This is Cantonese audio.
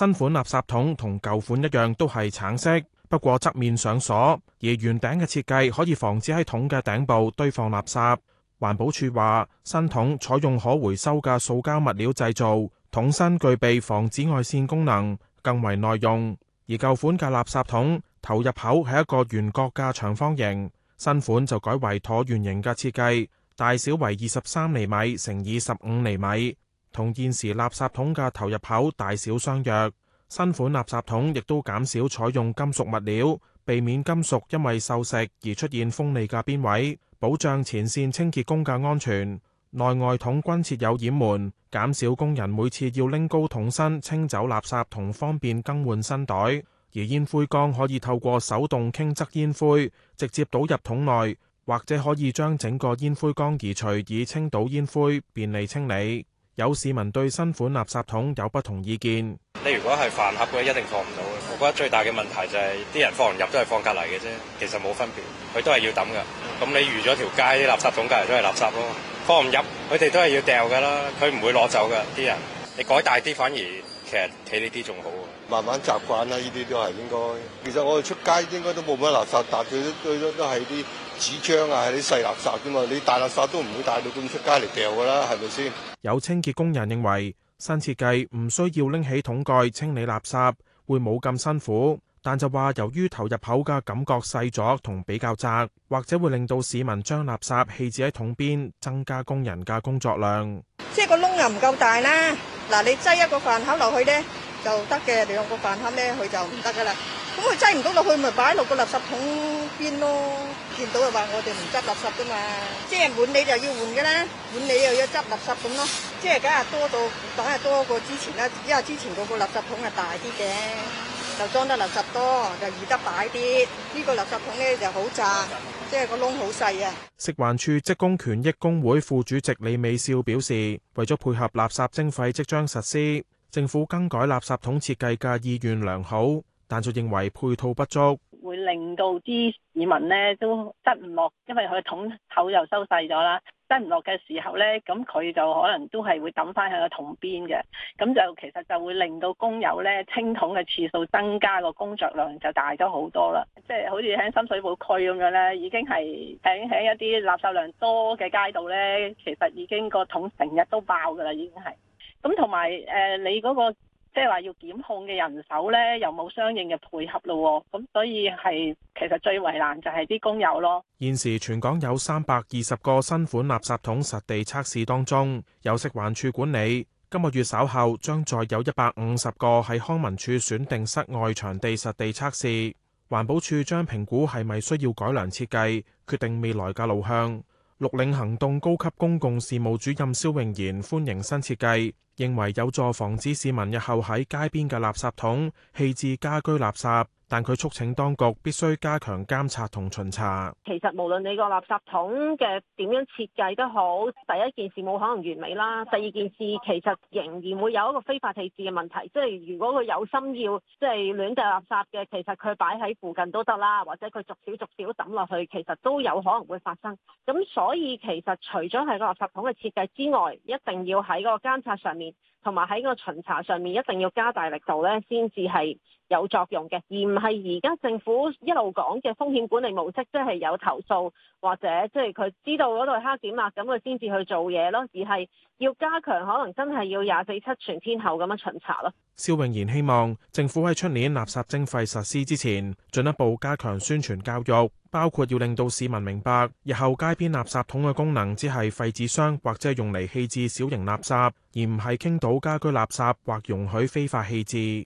新款垃圾桶同舊款一樣都係橙色，不過側面上鎖，而圓頂嘅設計可以防止喺桶嘅頂部堆放垃圾。環保署話，新桶採用可回收嘅塑膠物料製造，桶身具備防紫外線功能，更為耐用。而舊款嘅垃圾桶投入口係一個圓角嘅長方形，新款就改為橢圓形嘅設計，大小為二十三厘米乘以十五厘米。同現時垃圾桶嘅投入口大小相約，新款垃圾桶亦都減少採用金屬物料，避免金屬因為鏽蝕而出現鋒利嘅邊位，保障前線清潔工嘅安全。內外桶均設有掩門，減少工人每次要拎高桶身清走垃圾同方便更換新袋。而煙灰缸可以透過手動傾側煙灰，直接倒入桶內，或者可以將整個煙灰缸移除以清倒煙灰，便利清理。有市民對新款垃圾桶有不同意見。你如果係飯盒嘅，一定放唔到嘅。我覺得最大嘅問題就係啲人放唔入都係放隔離嘅啫，其實冇分別，佢都係要抌㗎。咁你預咗條街啲垃圾桶隔籬都係垃圾咯，放唔入佢哋都係要掉㗎啦，佢唔會攞走㗎啲人。你改大啲，反而其實睇呢啲仲好啊。慢慢習慣啦，呢啲都係應該。其實我哋出街應該都冇乜垃圾，但佢都都都係啲。紙張啊，啲細垃圾啫嘛，你大垃圾都唔會帶到咁出街嚟掉㗎啦，係咪先？有清潔工人認為新設計唔需要拎起桶蓋清理垃圾，會冇咁辛苦，但就話由於投入口嘅感覺細咗同比較窄，或者會令到市民將垃圾棄置喺桶邊，增加工人嘅工作量。即係個窿又唔夠大啦，嗱你擠一個飯盒落去呢就得嘅，兩個飯盒呢佢就唔得㗎啦。咁佢掙唔到落去，咪擺落個垃圾桶邊咯。見到就話我哋唔執垃圾噶嘛，即係換你又要換嘅啦，換你又要執垃圾咁咯。即係梗係多到，梗係多過之前啦，因為之前個個垃圾桶係大啲嘅，就裝得垃圾多，就易得擺啲呢個垃圾桶咧就好窄，即係個窿好細啊。食環署職工權益工會副主席李美少表示，為咗配合垃圾徵費即將實施，政府更改垃圾桶設計嘅意願良好。但就認為配套不足，會令到啲市民呢都塞唔落，因為佢個桶口又收細咗啦。塞唔落嘅時候呢，咁佢就可能都係會抌翻喺個桶邊嘅，咁就其實就會令到工友呢清桶嘅次數增加，個工作量就大咗好多啦。即係好似喺深水埗區咁樣呢，已經係頂喺一啲垃圾量多嘅街道呢，其實已經個桶成日都爆噶啦，已經係。咁同埋誒，你嗰、嗰個。即係話要檢控嘅人手呢，又冇相應嘅配合咯，哦，咁所以係其實最為難就係啲工友咯。現時全港有三百二十個新款垃圾桶實地測試當中，由食環署管理。今個月稍後，將再有一百五十個喺康文署選定室外場地實地測試。環保署將評估係咪需要改良設計，決定未來嘅路向。綠領行動高級公共事務主任蕭穎賢歡迎新設計。認為有助防止市民日後喺街邊嘅垃圾桶棄置家居垃圾，但佢促請當局必須加強監察同巡查。其實無論你個垃圾桶嘅點樣設計都好，第一件事冇可能完美啦。第二件事其實仍然會有一個非法棄置嘅問題，即係如果佢有心要即係亂掟垃圾嘅，其實佢擺喺附近都得啦，或者佢逐少逐少抌落去，其實都有可能會發生。咁所以其實除咗係個垃圾桶嘅設計之外，一定要喺個監察上面。同埋喺個巡查上面一定要加大力度咧，先至係有作用嘅，而唔係而家政府一路講嘅風險管理模式，即係有投訴或者即係佢知道嗰度黑點啊，咁佢先至去做嘢咯。而係要加強可能真係要廿四七全天候咁樣巡查咯。肖永賢希望政府喺出年垃圾徵費實施之前，進一步加強宣傳教育。包括要令到市民明白，日後街邊垃圾桶嘅功能只係廢紙箱，或者用嚟棄置小型垃圾，而唔係傾倒家居垃圾或容許非法棄置。